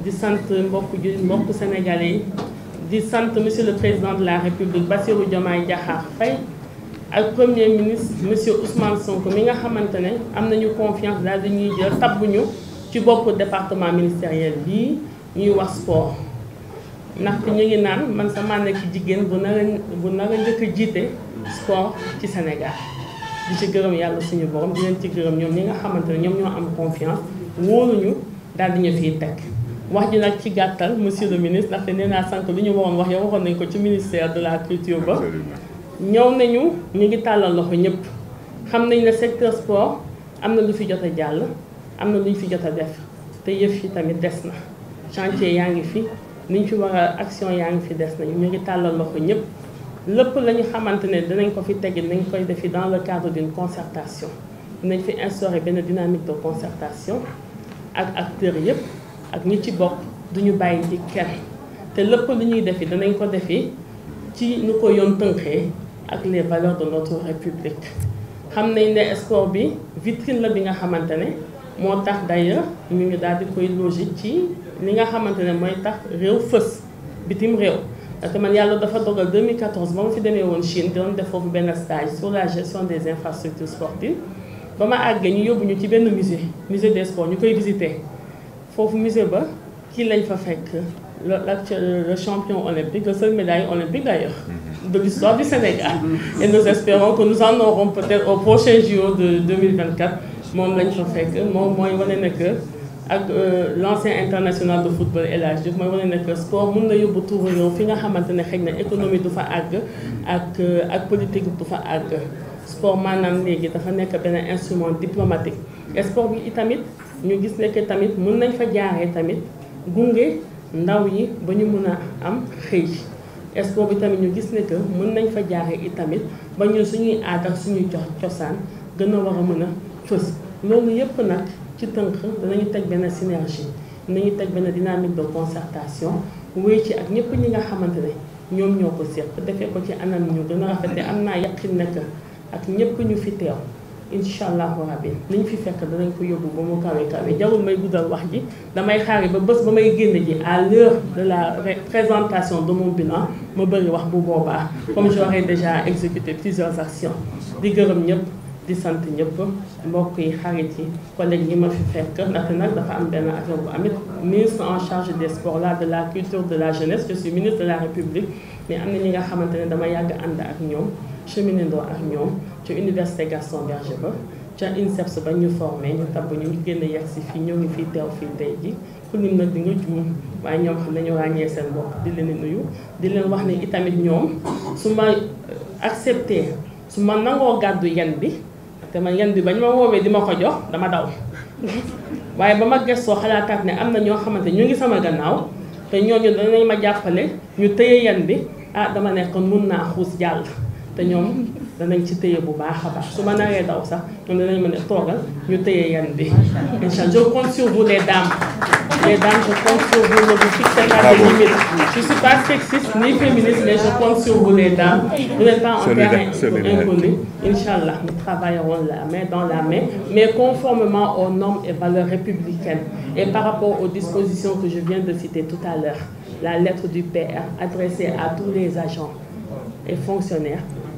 di sant mbokk ju mbokk sénégalais yi di sant monsieur le président de la république Bassirou Diomaye Diakhar Faye ak premier ministre monsieur Ousmane Sonko mi nga xamante ne am nañu confiance daal di ñuy jël tabbuñu ci bopp département ministériel bii ñuy wax sport ndaxte ñu ngi naan man sama nekk jigéen bu nar a bu nar njëkk jiite sport ci Sénégal di ci gërëm yàlla suñu borom di leen ci gërëm ñoom ñi nga xamante ne ñoom ñoo am confiance wóoruñu daal di ñu fiy teg wax ji nag ci gàttal monsieur le ministre ndaxte nee naa sànq li ñu waroon wax yow waxoon nañ ko ci ministère de la culture ba ñëw nañu ñu ngi tàllal loxo ñëpp xam nañu ne secteur sport am na lu fi jot a jàll am na lu ñu fi jot a def te yëf yi tamit des na chantier yaa ngi fi ni ñu fi war a action yaa ngi fi des na ñu ngi tàllal loxo ñëpp lëpp la ñu xamante ne dinañ ko fi tegi nañ koy defi dans le cadre d'une concertation dinañ fi instaurer benn dynamique de concertation ak acteurs yëpp ak ñi ci bokk duñu bàyyi ci kenn te lépp lu def defi danañ ko defi ci nu ko yoon tënkee ak les valeurs de notre république xam nañ ne sport bi vitrine la bi nga xamante ne moo tax d'ailleurs mu ngi daal di koy loger ci li nga xamante ne mooy tax réew fës bitim réew parce que man yàlla dafa dogal 2014 ba ma fi demee woon Chine doon def foofu benn stage sur la gestion des infrastructures sportives ba ma àggee ñu yóbbu ñu ci benn musée musée des sports ñu koy visiter foofu musée ba kii lañ fa fekk le actuel le champion olympique le seul médaille olympique d'ailleurs mhm. de l'histoire du Sénégal et nous espérons que nous en aurons peut-être au prochain JO de moom lañ fa fekk moom mooy wane ne ak euh, l'ancien international de football El Hadj Diouf mooy wane ne que sport mun na yóbbu tuuru réew fi nga xamante ne xëy na économie du fa àgg ak euh, ak politique du fa àgg sport maanaam léegi dafa nekk benn instrument diplomatique sport bi itamit ñu gis nekk tamit mën nañ fa jaaree tamit gunge ndaw yi ba ñu mën a am xëy expo bi tamit ñu gis ne que mën nañ fa jaaree it tamit ba ñun suñuy aada suñuy jox cosaan gën a war a mën a fës loolu yëpp nag ci tënk danañu teg benn synergie danañu teg benn dynamique de concertation wéy ci ak ñëpp ñi nga xamante ne ñoom ñoo ko seq defee ko ci anam ñu gën a rafete am naa yaqin nekk ak ñëpp ñu fi teew incha allahu rabbi liñ fi fekk danañ ko yóbbu ba mu kawe kawe jarul may guddal wax ji damay xaari ba bës ba may génn ji à l'heure de la présentation de mon bilan ma bëri wax bu boobaa comme j'aurais déjà exécuté plusieurs actions di gërëm ñëpp di sant ñëpp mbokk yi xarit yi collègues yi ma fi fekk ndaxte nag dafa am benn affaire bu amit ministre en charge des sports là de la culture de la jeunesse je suis ministre de la république mais am na ñi nga xamante ne dama yàgg ànd ak ñoom cheminer ndoo ak ñoom ca université Gaston Berger ba ca INSEPS ba ñu formé ñu tabb ñu génn yegg si fii ñoo ngi fii teew fii tey ji ku lim nag di nga juum waaye ñoom xam ñu ràññee seen bopp di leen nuyu di leen wax ne itamit ñoom su ma euh, accepté su ma nangoo gàddu yan bi te ma yan bi bañ ma woowee di ma ko jox dama daw waaye ba ma gëstoo xalaataat ne am na ñoo xamante ñu ngi sama gannaaw te ñooñu danañ ma jàppale ñu tëye yan bi ah dama ne mun naa xuus jàll te ñoom danañ ci téye bu baax a baax su ma naree daw sax ñoom danañ ma ne toogal ñu téye yan bi incha allah je compte sur vous les dames les dames je compte sur vous ne vous fixez pas de limite je suis pas sexiste ni féministe mais je compte sur vous les dames vous n'êtes pas en terrain inconnu incha la main dans la main mais conformément aux normes et valeurs républicaines et par rapport aux dispositions que je viens de citer tout à l'heure la lettre du PR adressée à tous les agents et fonctionnaires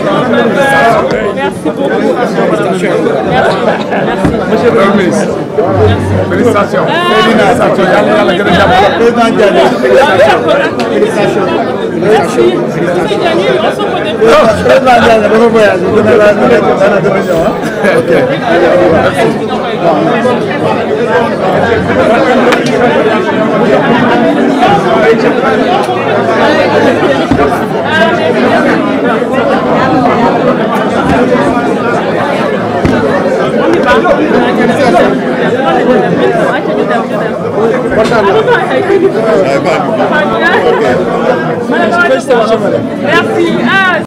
Merci beaucoup. Monsieur le ministre. Félicitations. Félicitations. Yàlla yàlla gën a jàppale. Président Diagne. Félicitations. Merci. Président Diagne dafa voyage. Ok. Merci. Ah.